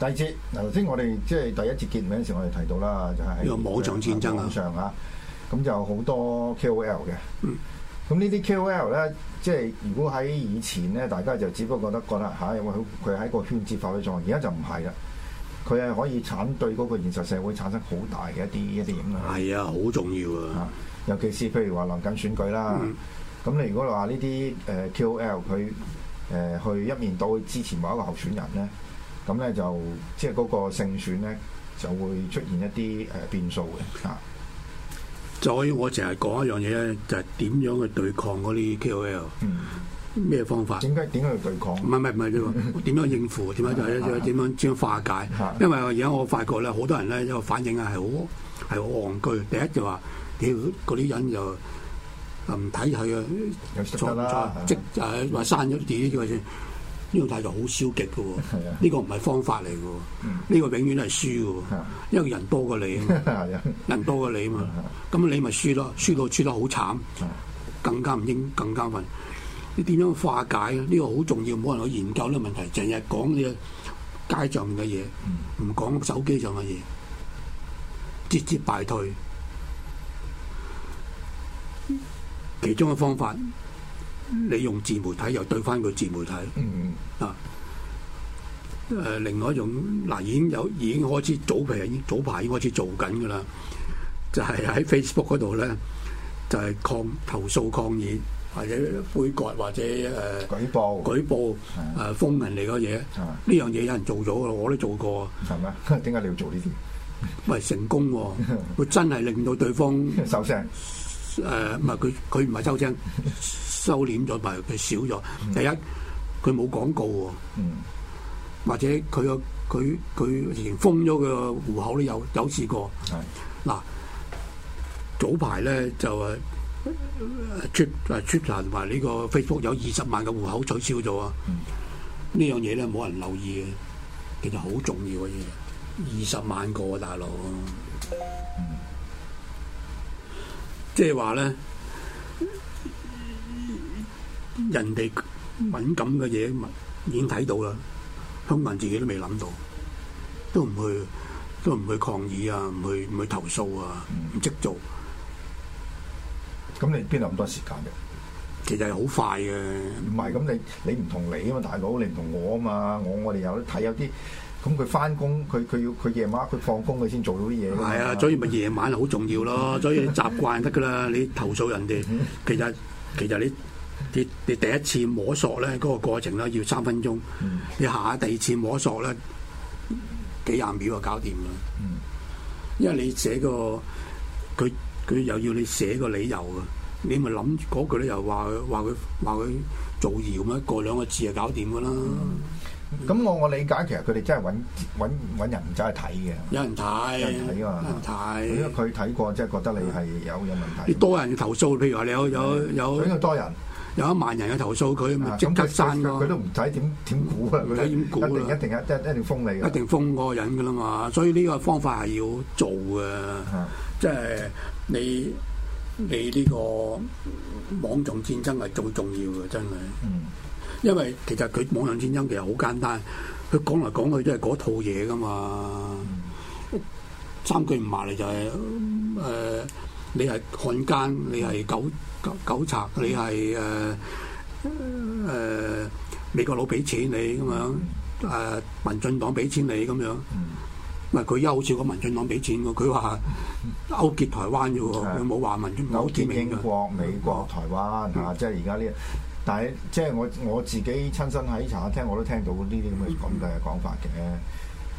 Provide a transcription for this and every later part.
第，二第二節，頭先我哋即係第一節結尾嗰時，我哋提到啦，就係、是、喺網上戰爭、啊、上嚇，咁就好多 K O L 嘅。咁、嗯、呢啲 K O L 咧，即係如果喺以前咧，大家就只不過覺得覺得吓，因佢喺個圈子發揮作用，而家就唔係啦。佢係可以產對嗰個現實社會產生好大嘅一啲一啲影響。係啊，好重要啊！尤其是譬如話臨近選舉啦，咁、嗯、你如果話呢啲誒 K O L 佢誒、呃、去一面倒支持某一個候選人咧。呢咁咧就即係嗰個勝選咧就會出現一啲誒變數嘅吓。再我成日講一樣嘢咧，就係點樣去對抗嗰啲 K O L，咩方法？點解點樣去對抗？唔係唔係唔係呢點樣應付？點樣就係點 樣將化解？ 因為而家我發覺咧，好多人咧有反應啊，係好係好戇居。第一就話：，屌嗰啲人就唔睇佢，又即就係話刪咗啲嘢，做咪先？呢個態度好消極嘅喎，呢的個唔係方法嚟嘅喎，呢、嗯、個永遠係輸嘅喎，嗯、因為人多過你啊嘛， 人多過你啊嘛，咁的你咪輸咯，輸到輸得好慘、嗯，更加唔應更加混。你點樣化解咧？呢、這個好重要，冇人去研究呢個問題，成日講呢街上面嘅嘢，唔講、嗯、手機上嘅嘢，節節敗退，退，其中嘅方法。你用自媒體又對翻個自媒體，啊，誒、呃、另外一種嗱、啊、已經有已經開始早排已經早排已經開始做緊㗎啦，就係、是、喺 Facebook 嗰度咧，就係、是、抗投訴抗議或者杯葛或者誒、呃、舉報舉報誒、呃、封人哋個嘢，呢樣嘢有人做咗啊，我都做過啊，係嘛是嗎？點 解你要做呢啲？唔成功喎、哦，會真係令到對方收聲。 受聲誒，唔係佢，佢唔係收聲，收斂咗埋，佢少咗。第一，佢冇廣告喎，或者佢佢佢連封咗個戶口都有有試過。嗱，早排咧就誒、啊、trip 誒、啊、trip 同埋呢個 Facebook 有二十萬嘅戶口取消咗啊！ 樣呢樣嘢咧冇人留意嘅，其實好重要嘅嘢，二十萬個、啊、大佬。 即係話咧，人哋敏感嘅嘢，已經睇到啦。香港人自己都未諗到，都唔去，都唔去抗議啊，唔去唔去投訴啊，唔識做。咁、嗯、你邊度咁多時間啫？其實係好快嘅，唔係咁你你唔同你啊嘛，大佬你唔同我啊嘛，我我哋有睇有啲。咁佢翻工，佢佢要佢夜晚佢放工佢先做到啲嘢。係啊，所以咪夜晚好重要咯。 所以你習慣得噶啦。你投訴人哋，其實其實你你你第一次摸索咧，嗰、嗰個過程咧要三分鐘。嗯、你下下第二次摸索咧，幾廿秒就搞掂啦。嗯、因為你寫個佢佢又要你寫個理由啊，你咪諗嗰句咧又話話佢話佢造謠咩？過兩個，個字就搞掂噶啦。嗯咁我我理解，其實佢哋真係揾揾揾人仔去睇嘅。有人睇。有人睇嘛？有人睇。因為佢睇過，即係覺得你係有有問題。多人投訴，譬如話你有有有。咁又多人，有一萬人嘅投訴，佢咪即刻刪㗎。佢都唔使點點估啊。佢一定一定一一定封你。一定封嗰個人㗎啦嘛，所以呢個方法係要做嘅。即係你你呢個網眾戰爭係最重要嘅，真係。嗯。因為其實佢網上戰爭其實好簡單，佢講嚟講去都係嗰套嘢㗎嘛。三句唔話嚟就係、是、誒、呃，你係漢奸，你係狗狗狗賊，你係誒誒美國佬俾錢你咁樣，誒、呃、民進黨俾錢你咁樣。唔係佢優少個民進黨俾錢佢話勾結台灣啫喎，佢冇話民進黨好知名英國、美國、台灣，係嘛？即係而家呢？但係，即係我我自己親身喺茶餐廳，我都聽到呢啲咁嘅咁嘅講法嘅。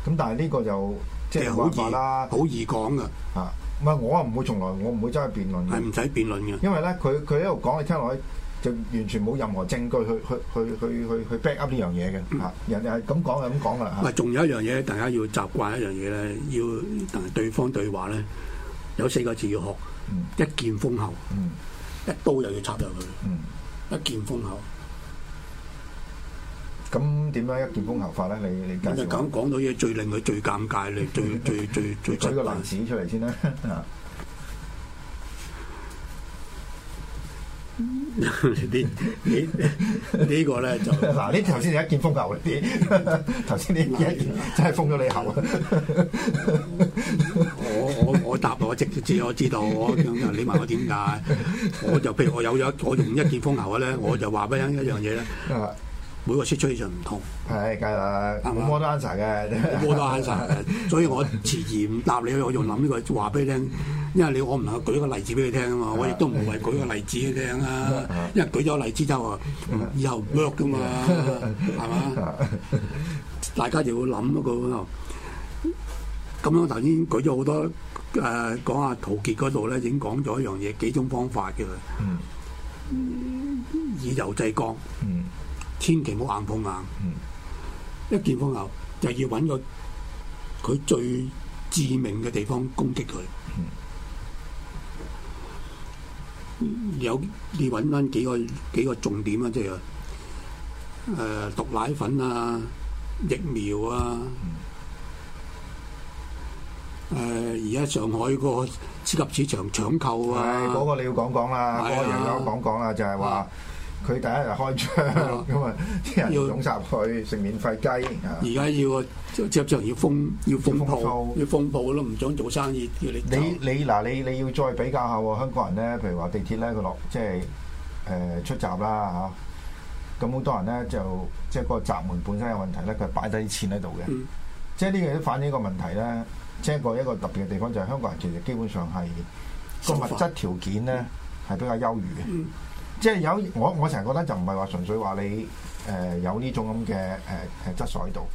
咁、嗯、但係呢個就即係講法啦，好易講嘅嚇。唔係我啊，唔會從來我唔會走去辯論嘅。係唔使辯論嘅。因為咧，佢佢喺度講你聽落去，就完全冇任何證據去去去去去去 back up 呢、嗯、樣嘢嘅。人哋係咁講係咁講㗎。嚇。仲有一樣嘢，大家要習慣一樣嘢咧，要同對方對話咧，有四個字要學：嗯、一劍封喉，一刀又要插入去。嗯嗯一劍封喉，咁點樣一劍封喉法咧？你你其實講講到嘢，最令佢最尷尬咧，最最最最取個例子出嚟先啦。你你呢個咧就嗱，你頭先你一劍封喉，你頭先你一劍真係封咗你喉。我。答我，即即我知道我你問我點解，我就譬如我有咗我用一件風牛嘅咧，我就話俾你一樣嘢咧。每個識出就唔同。係繼續。我摸多啲柴嘅，我摸多啲柴。所以我遲遲唔答就你，你，我仲諗呢個話俾你，你聽，因為你我唔能夠舉個例子俾你聽啊嘛。我亦都無謂舉個例子俾你聽啊，因為舉咗例子就話以後 work 㗎嘛，係嘛？ 大家就要諗一個咁樣頭先舉咗好多。誒、呃、講下陶傑嗰度咧，已經講咗一樣嘢，幾種方法嘅啦。嗯、mm，hmm. 以柔制剛。嗯、mm，hmm. 千祈唔好硬碰硬。嗯、mm，hmm. 一見風頭就要揾個佢最致命嘅地方攻擊佢。Mm hmm. 有你揾翻幾個幾個重點啊，即係誒毒奶粉啊、疫苗啊。Mm hmm. 誒而家上海個超級市場搶購啊！係嗰個你要講講啦，嗰個又要講講啦，就係話佢第一日開張，咁啊啲人湧集佢食免費雞，而家要即即即係要封要封鋪，要封鋪咯，唔想做生意嘅你。你嗱，你你要再比較下喎，香港人咧，譬如話地鐵咧，佢落即係誒出閘啦嚇，咁好多人咧就即係個閘門本身有問題咧，佢擺低啲錢喺度嘅，即係呢個都反映一個問題咧。即係一個特別嘅地方，就係香港人其實基本上係個法物質條件咧係比較優裕嘅、嗯。嗯、即係有我我成日覺得就唔係話純粹話你誒有呢種咁嘅誒誒質素喺度，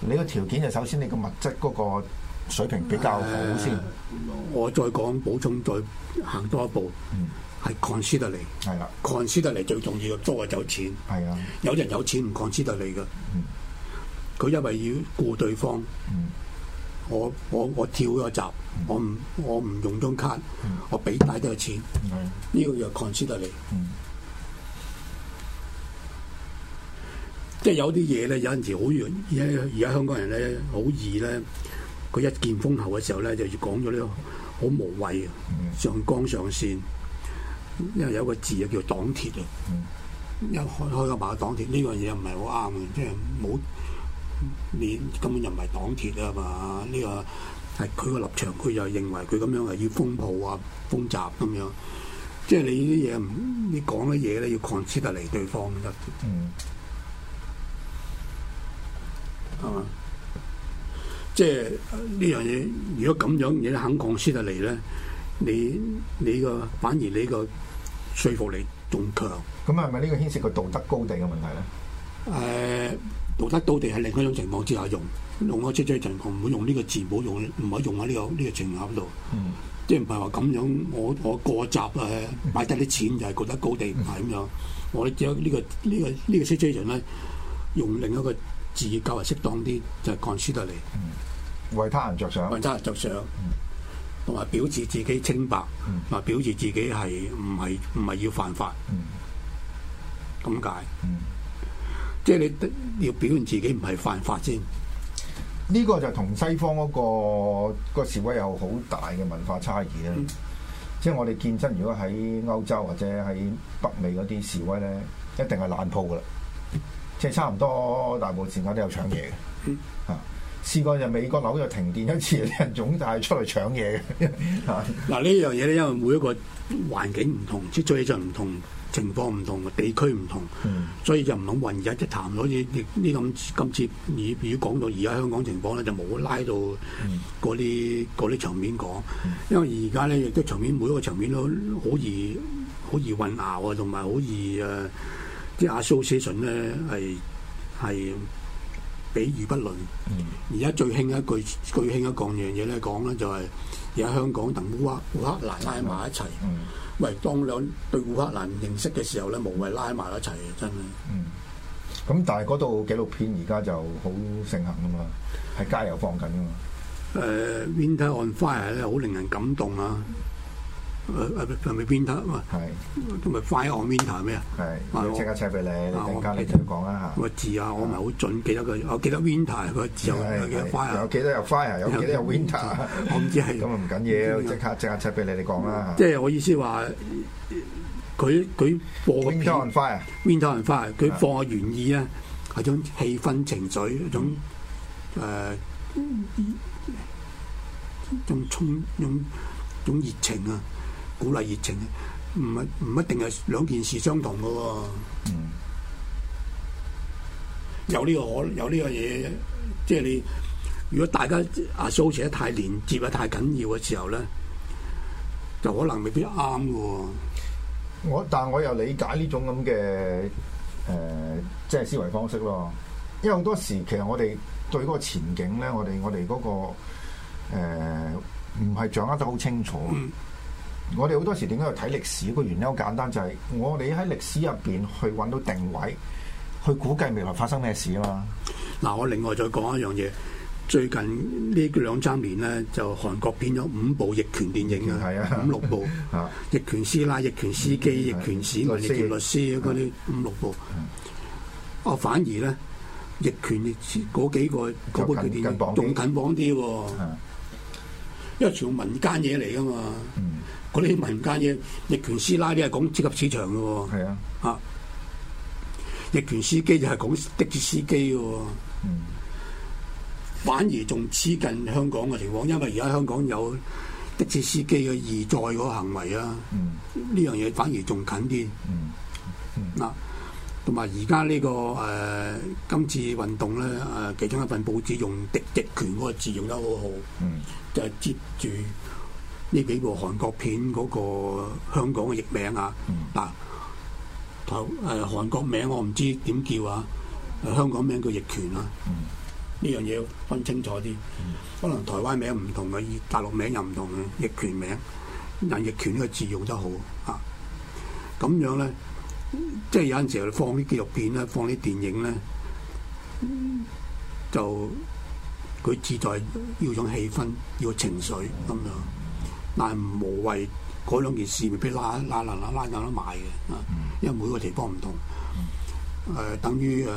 你個條件就首先你個物質嗰個水平比較好先、嗯呃。我再講補充，再行多一步，係 consider 得嚟。係啦，consider 得嚟最重要嘅都係有錢。係啊，有人有錢唔 consider 得嚟嘅，佢、嗯、因為要顧對方。嗯我我我跳咗閘，我唔我唔用張卡，我俾曬啲錢。這個嗯、呢個又 consider 嚟，即係有啲嘢咧，有陣時好原而家而家香港人咧好易咧，佢一見風頭嘅時候咧，就要講咗呢個好無謂啊，上綱上線，因為有個字啊叫擋鐵啊，有、嗯、開開、個馬擋鐵呢樣嘢唔係好啱嘅，即係冇。你根本就唔係擋鐵啊嘛！呢、這個係佢個立場，佢又認為佢咁樣係要封鋪啊、封閘咁樣，即係你啲嘢唔，你講嘅嘢咧要抗施得嚟對方得，嗯，係嘛？即係呢樣嘢，如果咁樣嘢肯抗施得嚟咧，你你個反而你個說服力仲強。咁係咪呢個牽涉個道德高地嘅問題咧？誒。道德高地係另一種情況之下用，用喺 situation 唔好用呢個字，冇用，唔可以用喺呢、這個呢、這個場合度。嗯、即係唔係話咁樣，我我過閘啊，擺低啲錢就係覺得高地唔係咁樣。我咧、這、將、個這個這個這個、呢個呢個呢個 situation 咧用另一個字較為適當啲，就 considerate 得嚟。為他人着想，為他人著想，同埋、嗯、表示自己清白，同、嗯、表示自己係唔係唔係要犯法。咁解、嗯。即係你要表現自己唔係犯法先，呢個就同西方嗰個個示威有好大嘅文化差異啦。嗯、即係我哋見真，如果喺歐洲或者喺北美嗰啲示威咧，一定係爛鋪噶啦，即係差唔多大部分時間都有搶嘢嘅，嚇。嗯啊試過就美國樓就停電一次，啲人總係出嚟搶嘢嘅。嗱 呢樣嘢咧，因為每一個環境唔同，即係最就唔同情況唔同，地區唔同，嗯、所以就唔好混為一談。所以亦呢咁今次如果講到而家香港情況咧，就冇拉到嗰啲嗰啲場面講。因為而家咧亦都場面每一個場面都好易好易混淆易啊，同埋好易誒啲 association 咧係係。比喻不論，而家最興一句、最興一講樣嘢咧，講咧就係而家香港同烏克烏克蘭拉埋一齊。嗯嗯、喂，當兩對烏克蘭認識嘅時候咧，嗯、無謂拉埋一齊啊！真係。咁、嗯、但係嗰套紀錄片而家就好盛行㗎嘛，喺街又放緊㗎嘛。誒、呃，Winter on Fire 咧，好令人感動啊！誒係咪 winter fire on winter 係咩啊？係，我即刻 check 俾你，等間你再講啊嚇。個字啊，我唔係好準，記得個，我記得 winter 個字有啊，fire 有幾多有 fire，有幾多有 winter，我唔知係。咁唔緊要，即刻即刻 check 俾你，你講啦，即係我意思話，佢佢播個片，winter on Fire，winter 佢放個原意啊，係種氣氛情緒，一種誒，一種充，一種種熱情啊！鼓勵熱情啊，唔唔一定係兩件事相同噶喎、啊。嗯，有呢、這個可能有呢個嘢，即係你如果大家啊，相處得太連接啊，太緊要嘅時候咧，就可能未必啱噶、啊。我但係我又理解呢種咁嘅誒，即、呃、係、就是、思維方式咯。因為好多時其實我哋對嗰個前景咧，我哋我哋嗰、那個唔係、呃、掌握得好清楚。嗯我哋好多時點解要睇歷史？個原因好簡單，就係我哋喺歷史入邊去揾到定位，去估計未來發生咩事啊嘛。嗱，我另外再講一樣嘢。最近呢兩三年咧，就韓國編咗五部逆權電影啊，五六部。嚇！逆權師奶、逆權司機、逆權史、逆權律師嗰啲五六部。哦，反而咧，逆權嗰幾個嗰部電影仲緊綁啲喎。因為全部民間嘢嚟噶嘛。嗰啲民間嘢，逆權師奶啲係講職級市場嘅喎、哦，係啊，啊，逆權司機就係講的士司機嘅喎、哦，嗯、反而仲黐近香港嘅情況，因為而家香港有的士司機嘅義載個行為啊，呢、嗯、樣嘢反而仲近啲，嗱、嗯，同埋而家呢個誒、呃、今次運動咧誒其中一份報紙用的逆權嗰個字用得好好，嗯、就係接住。呢幾部韓國片嗰個香港嘅譯名、嗯、啊，啊台誒韓國名我唔知點叫啊，香港名叫譯權啊。呢、嗯、樣嘢要分清楚啲，嗯、可能台灣名唔同嘅，大陸名又唔同嘅譯權名。但譯權呢個字用得好啊，咁樣咧，即係有陣時候放啲紀錄片咧，放啲電影咧，就佢自在要種氣氛，要情緒咁樣。但係無謂嗰兩件事，未必拉拉攔攔拉攏賣嘅啊！Um, 因為每個地方唔同，誒、呃，等於誒、啊，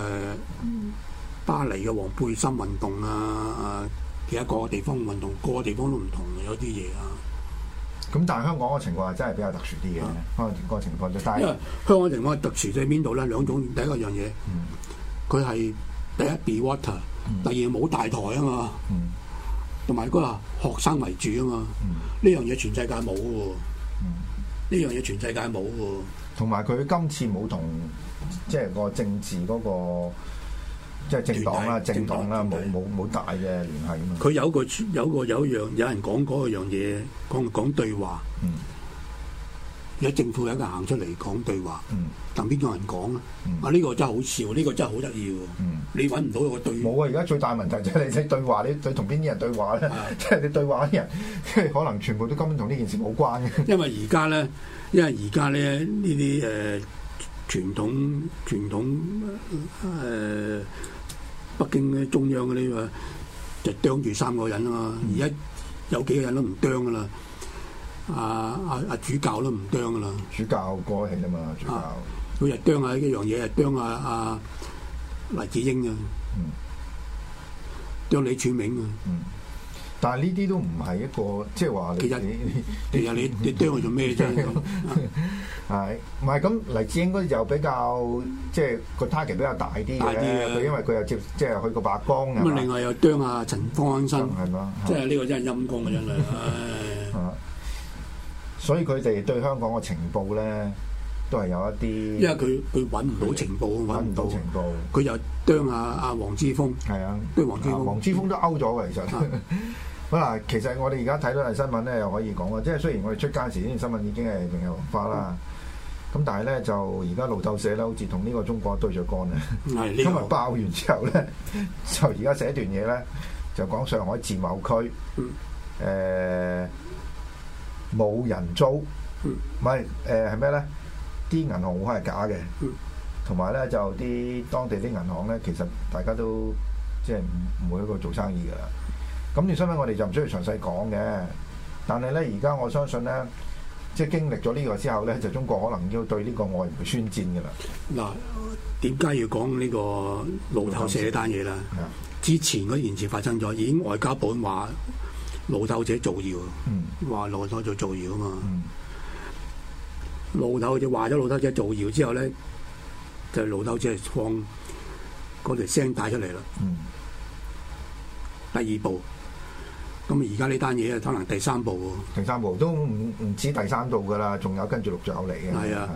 巴黎嘅黃背心運動啊，其他個個地方運動，個個地方都唔同有啲嘢啊。咁、啊、但係香港嘅情況係真係比較特殊啲嘅，個個情況就因為香港嘅情況特殊在邊度咧？兩種，第一個樣嘢，佢係第一 be water、嗯、第二冇大台啊嘛。嗯同埋嗰個學生為主啊嘛，呢、嗯、樣嘢全世界冇嘅喎，呢、嗯、樣嘢全世界冇喎。同埋佢今次冇同即係個政治嗰、那個即係、就是、政黨啦、來政黨啦，冇冇冇大嘅聯繫啊嘛。佢有個有個有一樣有，有，有，有人講嗰個樣嘢，講講對話。嗯有政府有一個人行出嚟講對話，但邊個人講咧？嗯、啊，呢、呢個真係好笑，呢、呢個真係好得意喎！嗯、你揾唔到個對冇啊！而家最大問題就係你對話，你對同邊啲人對話咧？即係的你對話啲人，即係可能全部都根本同呢件事冇關嘅。因為而家咧，因為而家咧呢啲誒傳統傳統誒、呃、北京嘅中央嗰啲啊，就釘住三個人啊嘛。而家、嗯、有幾個人都唔釘㗎喇。阿阿阿主教都唔啄噶啦，主教過氣啊嘛，主教佢又啄下呢樣嘢，又啄阿阿黎智英啊，嗯，啄李柱銘啊，但係呢啲都唔係一個，即係話其實其實你你啄佢做咩啫？係唔係咁，黎智英嗰啲就比較即係個 target 比較大啲嘅，佢因為佢又接即係去過白宮咁。咁另外又啄阿陳方安生，係嘛，即係呢個真係陰功嘅真係，所以佢哋對香港嘅情報咧，都係有一啲。因為佢佢揾唔到情報，揾唔到情報。佢又啄下阿黃之鋒。係啊，啄黃、啊啊、之鋒。都勾咗㗎，其實。好嗱、嗯，其實我哋而家睇到啲新聞咧，又、啊、可以講啊。即係雖然我哋出街時呢段新聞已經係明日黃花啦，咁、嗯、但係咧就而家路透社咧，好似同呢個中國對著幹啊。係今日。 爆完之後咧，就而家寫段嘢咧，就講上海自貿區，誒、嗯。嗯嗯冇人租是是，唔係誒係咩咧？啲銀行戶口係假嘅，同埋咧就啲當地啲銀行咧，其實大家都即係唔會一個做生意噶啦。咁呢啲新聞我哋就唔需要詳細講嘅，但係咧而家我相信咧，即係經歷咗呢個之後咧，就中國可能要對呢個外人宣戰噶啦。嗱，點解要講呢個路透社單嘢咧？之前嗰啲言詞發生咗，已經外交部話。老豆仔造謠，話老豆做造謠啊嘛。老豆就話咗老豆仔造謠之後咧，就老豆仔放嗰條聲帶出嚟啦。嗯、第二步，咁而家呢單嘢啊，可能第三步喎。第三步都唔唔止第三步噶啦，仲有跟住六隻手嚟嘅。係啊，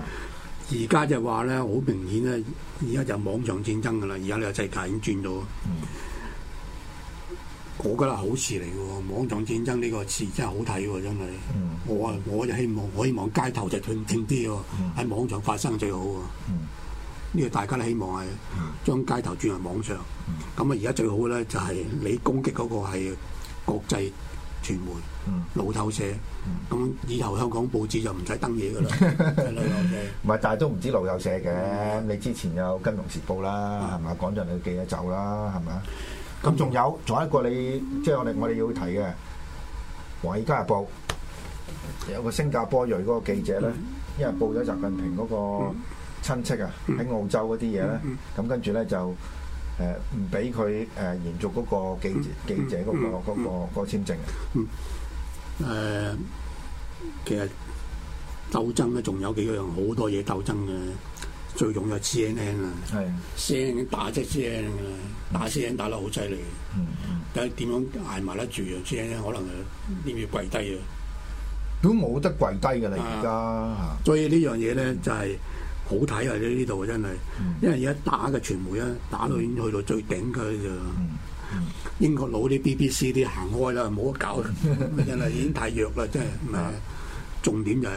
而家就話咧，好明顯咧，而家就網上戰爭噶啦，而家呢個世界已經轉咗。嗯我覺得，好事嚟嘅喎！網上戰爭呢個詞真係好睇喎，真係。我啊，我就希望我希望街頭就斷定啲喎，喺、嗯、網上發生最好喎。呢、這個大家都希望係將街頭轉為網上。咁啊，而家最好咧就係你攻擊嗰個係國際傳媒、路透社。咁以後香港報紙就唔使登嘢噶啦。唔係， 但係都唔知路透社嘅。 你之前有《金融時報》啦，係咪？趕盡你嘅走啦，係咪？咁仲有，仲有一個你，即係我哋我哋要提嘅《華爾街日報》，有個新加坡裔嗰個記者咧，因為報咗習近平嗰個親戚啊喺、嗯、澳洲嗰啲嘢咧，咁、嗯嗯、跟住咧就誒唔俾佢誒延續嗰個記者、嗯嗯、記者嗰、嗰個嗰個嗰個簽證、嗯、其實鬥爭咧，仲有幾樣好多嘢鬥爭嘅。最用就 C N N 啦，聲打即 CNN 啦，打 CNN 打得好犀利。但係點樣捱埋得住啊？C N N 可能要跪低啊，都冇得跪低噶啦，而家。所以呢樣嘢咧就係好睇啊！呢呢度真係，因為而家打嘅傳媒咧，打到已經去到最頂㗎啦，英國佬啲 B B C 啲行開啦，冇得搞真係已經太弱啦，真係。重點就係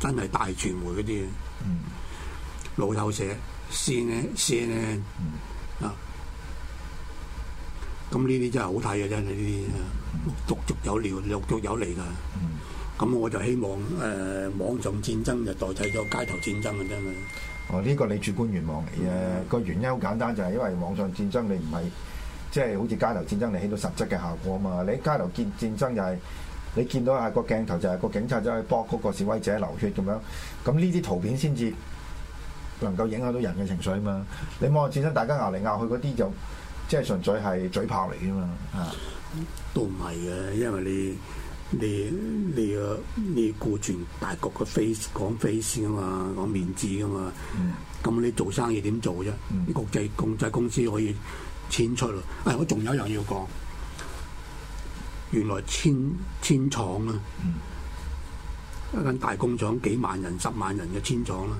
真係大傳媒嗰啲。老友社，線咧線咧啊！咁呢啲真係好睇嘅，真係呢啲，陸續有料，陸續有嚟噶。咁、嗯、我就希望誒、呃，網上戰爭就代替咗街頭戰爭嘅啫嘛。哦，呢、這個你主觀願望嚟嘅，個、嗯、原因好簡單，就係因為網上戰爭你唔係即係好似街頭戰爭你起到實質嘅效果啊嘛。你喺街頭見戰爭就係、是、你見到係個鏡頭就係個警察走去搏嗰個示威者流血咁樣，咁呢啲圖片先至。能夠影響到人嘅情緒啊嘛！你望我前陣大家拗嚟拗去嗰啲就，即係純粹係嘴炮嚟噶嘛吓，都唔係嘅，因為你你你個你顧全大局嘅 face 講 face 先嘛，講面子啊嘛，咁、嗯、你做生意點做啫、嗯？國際共制公司可以遷出咯。哎，我仲有一樣要講，原來遷遷廠啦，啊嗯、一間大工廠幾萬人、十萬人嘅遷廠啦。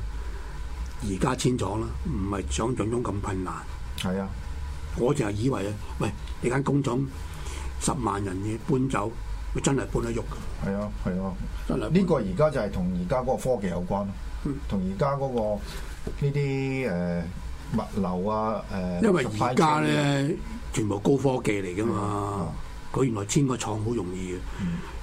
而家遷咗啦，唔係想像中咁困難。係啊，我淨係以為啊，喂，你間工廠十萬人嘢搬走，佢真係搬得喐。係啊，係啊，真係。呢個而家就係同而家嗰個科技有關咯，同而家嗰個呢啲誒物流啊誒。呃、因為而家咧，全部高科技嚟噶嘛。嗯嗯佢原來遷個廠好容易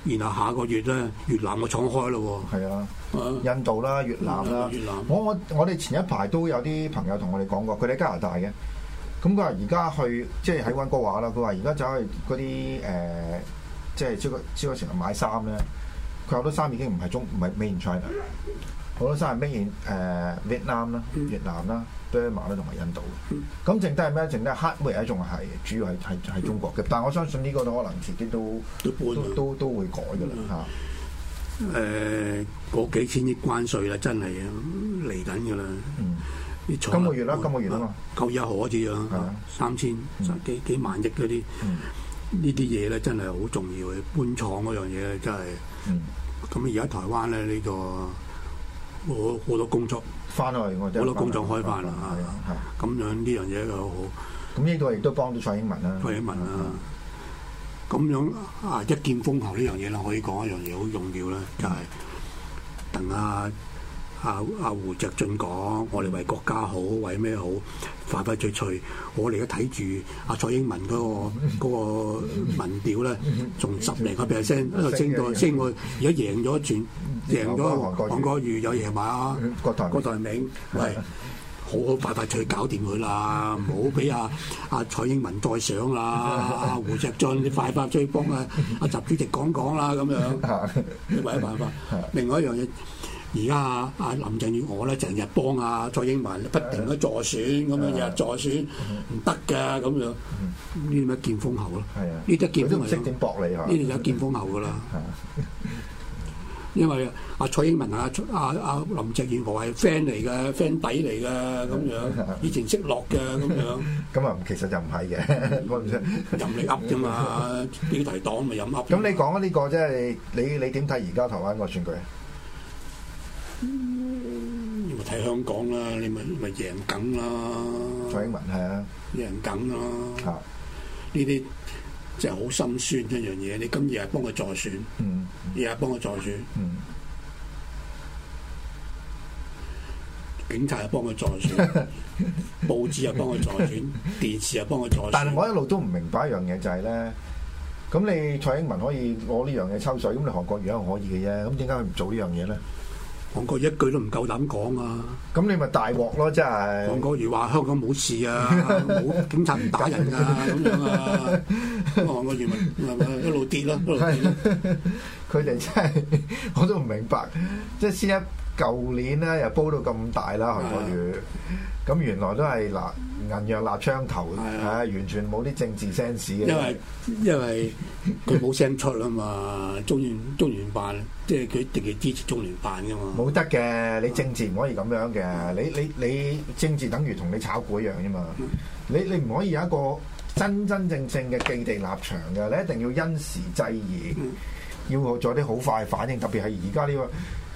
嘅，然後下個月咧越南個廠開咯喎。係啊，啊印度啦、越南啦，越南我我我哋前一排都有啲朋友同我哋講過，佢哋喺加拿大嘅，咁佢話而家去即係喺溫哥華啦，佢話而家走去嗰啲誒，即係、呃、超過超過成日買衫咧，佢好多衫已經唔係中唔係 Main China。好多三十米遠，誒越南啦、越南啦、緬甸啦同埋印度，咁剩低係咩？剩低黑煤仲係，主要係係係中國嘅。但係我相信呢個可能遲啲都都都都會改㗎啦嚇。誒，嗰幾千億關稅啦，真係嚟緊㗎啦。啲廠今個月啦，今個月啊嘛，夠一可之樣，三千幾幾萬億嗰啲呢啲嘢咧，真係好重要嘅搬廠嗰樣嘢咧真係。咁而家台灣咧呢個。我好多工作，翻去我好多工作開返啦，咁樣呢樣嘢就好。咁呢個亦都幫到蔡英文啦，蔡英文啦。咁樣啊，一劍封喉呢樣嘢咧，可以講一樣嘢好重要咧，就係等阿阿阿胡錫進講，我哋為國家好，為咩好，快快脆脆。我哋而家睇住阿蔡英文嗰個嗰個民調咧，從十零個 percent 升到升到而家贏咗一轉。贏咗，韓國瑜有夜晚啊，郭台，郭台銘，喂，好好快快脆搞掂佢啦，唔好俾阿阿蔡英文再上啦， 胡錫進，你快快脆幫阿、啊、阿、啊、習主席講講啦、啊，咁樣，唯一 辦法。另外一樣嘢，而家阿阿林鄭月娥咧，成日幫阿、啊、蔡英文，不停嘅助選，咁樣日日助選，唔得嘅咁樣，呢啲咪見風後咯。呢啲見風後，呢啲就見風後噶啦。 因為阿蔡英文、阿阿阿林鄭月娥係 friend 嚟嘅、friend 底嚟嘅咁樣，以前識落嘅咁樣。咁啊，其實就唔係嘅，我唔知唔識。任你噏啫嘛，標題黨咪任噏。咁你講啊？呢個即係你你點睇而家台灣個選舉？嗯，睇香港啦，你咪咪贏梗啦。蔡英文係啊，贏梗啦。啊，呢啲。就係好心酸一樣嘢，你今日又幫佢助選，日日、嗯、幫佢助選，嗯、警察又幫佢助選，報紙又幫佢助選，電視又幫佢助選。但係我一路都唔明白一樣嘢就係、是、咧，咁你蔡英文可以攞呢樣嘢抽水，咁你韓國瑜又可以嘅啫，咁點解佢唔做呢樣嘢咧？韓國瑜一句都唔夠膽講啊！咁你咪大鑊咯，真係！韓國瑜話香港冇事啊，冇 警察唔打人啊，咁 樣啊！韓國瑜咪咪一路跌咯，一路跌咯！佢哋 真係我都唔明白，即係先一。舊年咧又煲到咁大啦，韓國瑜。咁的原來都係嗱，銀約立槍頭，係的完全冇啲政治 sense 嘅。因為因為佢冇聲出啊嘛， 中聯中聯辦，即係佢一定要支持中聯辦噶嘛。冇得嘅，你政治唔可以咁樣嘅，你你你政治等於同你炒股一樣啫嘛的。你你唔可以有一個真真正正嘅既定立場嘅，你一定要因時制宜，要學做啲好快反應，特別係而家呢個。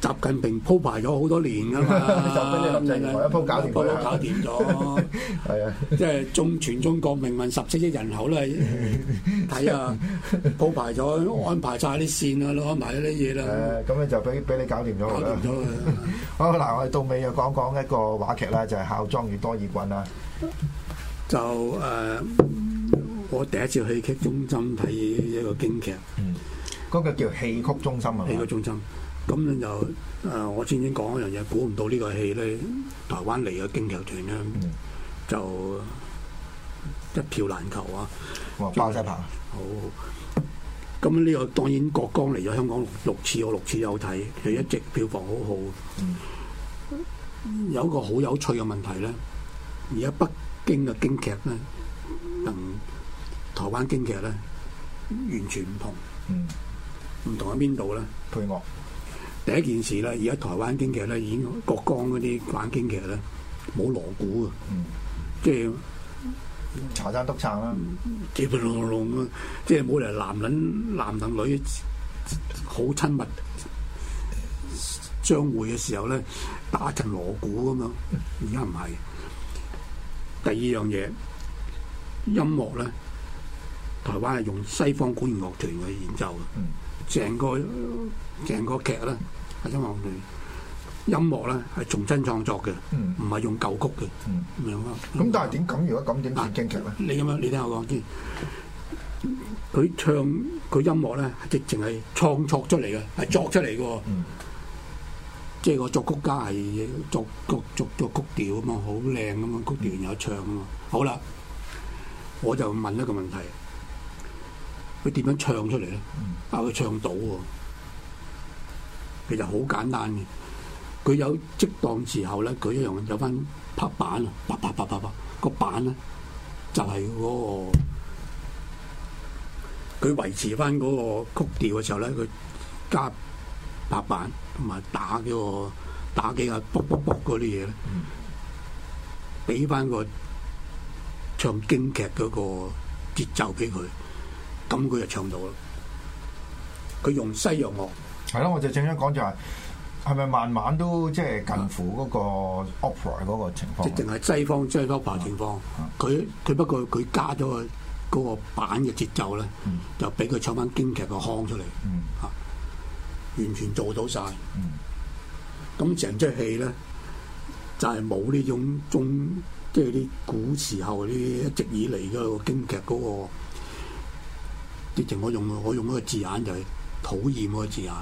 習近平鋪排咗好多年噶嘛，就俾你咁滯啦，我一鋪搞掂，我搞掂咗，係啊，即係中全中國命運十四億人口咧，睇啊，鋪排咗安排晒啲線安排埋啲嘢啦。誒，咁咧就俾俾你搞掂咗㗎啦。好嗱，我哋到尾又講講一個話劇啦，就係《孝莊與多爾袞》啦。就誒，我第一次去劇中心睇一個京劇，嗯，嗰個叫戲曲中心係咪？戲曲中心。咁咧就誒、呃，我先先講一樣嘢，估唔到呢個戲咧，台灣嚟嘅京劇團咧，嗯、就一票難求啊！哇！就包晒棚好咁呢個當然郭剛嚟咗香港六,六次，我六次有睇佢，一直票房好好。嗯、有一個好有趣嘅問題咧，而家北京嘅京劇咧，同台灣京劇咧完全唔同。唔同喺邊度咧？呢配樂。第一件事咧，而家台灣京劇咧已經國光嗰啲玩京劇咧，冇鑼鼓啊，嗯、即係茶餐督撐啦，嗯嗯、即係冇嚟男人、男同女好親密將會嘅時候咧，打陣鑼鼓咁樣，而家唔係。第二樣嘢音樂咧，台灣係用西方管弦樂團去演奏嘅。嗯。成個成個劇咧，係因為我哋音樂咧係重新創作嘅，唔係用舊曲嘅，明嗎？咁但係點咁？如果咁點睇京劇咧？你咁樣，你聽我講先。佢唱佢音樂咧，直情係創作出嚟嘅，係作出嚟嘅。嗯。即係個作曲家係作曲作作曲調啊嘛，好靚噉樣，曲調然後唱啊嘛。好啦，我就問一個問題。佢點樣唱出嚟咧？啊，佢唱到其實好簡單嘅。佢有即當時候咧，佢一樣有翻拍板啊，啪啪啪啪啪，個板咧就係嗰個，佢維持翻嗰個曲調嘅時候咧，佢加拍板同埋打嗰個打幾下卜卜卜嗰啲嘢咧，俾翻個唱京劇嗰個節奏俾佢。咁佢就唱到咯，佢用西洋樂，係咯，我就正想講就係，係咪慢慢都即係近乎嗰個 opera 個情況？即係淨係西方即係 opera 情況，佢佢、嗯嗯、不過佢加咗個嗰個板嘅節奏咧，嗯、就俾佢唱翻京劇個腔出嚟，吓、嗯，完全做到晒。咁成隻戲咧就係冇呢種中，即係啲古時候啲一直以嚟嘅京劇嗰、嗰個。我用我用嗰個字眼就係討厭嗰個字眼，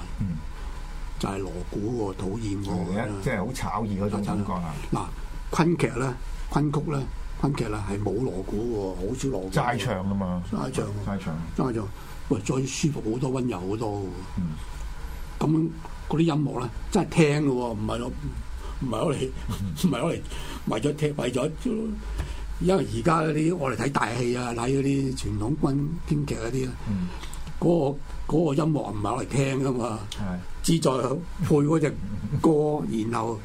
就係鑼鼓喎，討厭喎。即係好炒熱嗰種感覺啦。嗱，昆劇咧，昆曲咧，昆劇啦係冇鑼鼓喎，好少鑼鼓。齋唱㗎嘛，齋唱，齋唱，齋唱，喂！再舒服好多，溫柔好多嘅。咁嗰啲音樂咧，真係聽嘅喎，唔係攞唔係攞嚟，唔係攞嚟為咗聽，為咗。因為而家嗰啲我哋睇大戲啊，睇嗰啲傳統軍京劇嗰啲，嗰、嗯嗰個嗰、嗰個、音樂唔係攞嚟聽噶嘛，的只在配嗰隻歌， 然後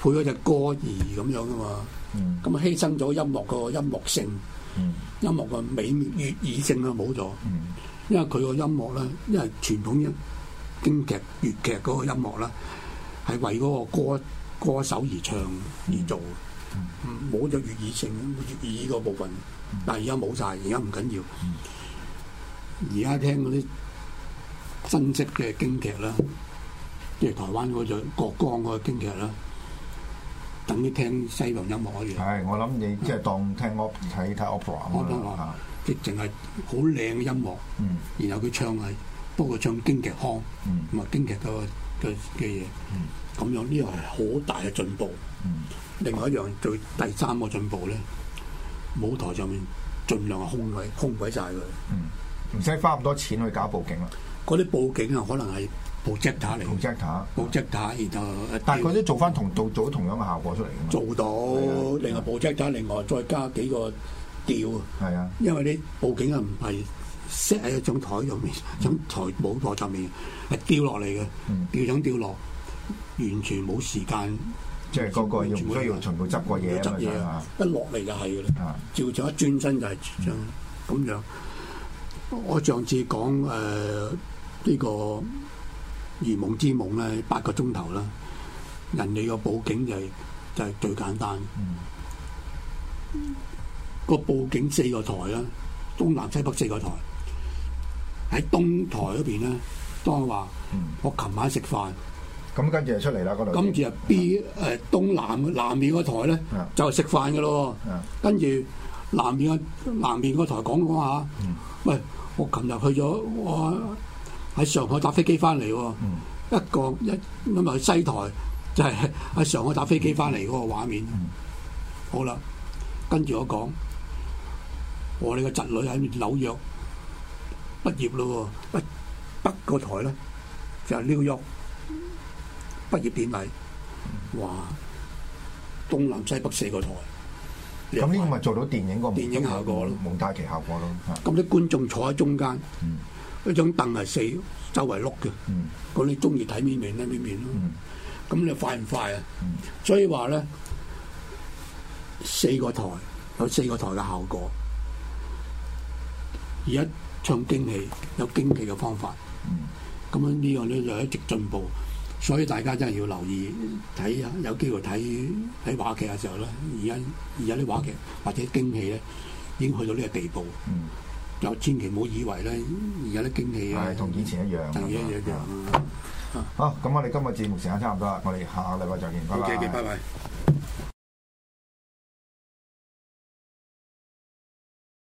配嗰隻歌而咁樣噶嘛，咁、嗯、犧牲咗音樂個音樂性，嗯、音樂個美粵語性咧冇咗，嗯、因為佢個音樂咧，因為傳統京京劇粵劇嗰個音樂咧，係為嗰個歌歌手而唱而做。嗯冇咗粵語性，粵語個部分，嗯、但係而家冇晒，而家唔緊要。而家、嗯、聽嗰啲新式嘅京劇啦，即係台灣嗰種國光嗰個京劇啦，等於聽西洋音樂一樣。係，我諗你即係當聽我睇睇 Opera 咁啦，吓，即係淨係好靚嘅音樂。嗯。然後佢唱係，不過唱京劇腔，嗯，咁啊京劇個嘅嘅嘢，這這嗯，咁樣呢個係好大嘅進步，嗯。另外一樣，最第三個進步咧，舞台上面儘量係空位，空鬼晒佢，唔使花咁多錢去搞佈景啦。嗰啲佈景啊，可能係 projector 嚟，projector，projector，然後但係佢啲做翻同做做同樣嘅效果出嚟㗎嘛。做到另外 projector，另外再加幾個吊，因為啲佈景啊唔係 set 喺一張台上面，張台舞台上面係掉落嚟嘅，吊上掉落，完全冇時間。即係嗰個用都要全部執過嘢啊嘛，啊一落嚟就係啦。啊、照咗一轉身就係像咁樣。嗯、我上次講誒呢、呃呢個如夢之夢咧，八個鐘頭啦。人哋個報警就係、是、就係、是、最簡單。個、嗯、報警四個台啦，東南西北四個台。喺東台嗰邊咧，當話我琴晚食飯，咁跟住就出嚟啦跟住。咁其實 B 誒東南南面嗰台咧，就係食飯㗎咯。跟住南面嘅南面嗰台講講下。喂，我琴日去咗，我喺上海搭飛機翻嚟。一個一咁啊，去西台就係喺上海搭飛機翻嚟嗰個畫面。好啦，跟住我講，我哋個侄女喺紐約畢業咯。北北個台咧就係紐約。畢業典禮，哇！東南西北四個台，咁呢個咪做到電影個電影效果咯，蒙太奇效果咯。咁啲觀眾坐喺中間，一張凳係四，周圍碌嘅。咁你中意睇邊面咧？邊面咯。咁你快唔快啊？所以話咧，四個台有四個台嘅效果。而家唱京戲有京戲嘅方法，咁樣呢樣咧就一直進步。所以大家真係要留意睇下，有機會睇睇話劇嘅時候咧，而家而家啲話劇或者驚喜咧，已經去到呢個地步。嗯，就千祈唔好以為咧，而家啲驚喜係同以前一樣嘅嘛。好，咁我哋今日節目時間差唔多啦，我哋下個禮拜再見，拜拜。好，謝謝，拜拜。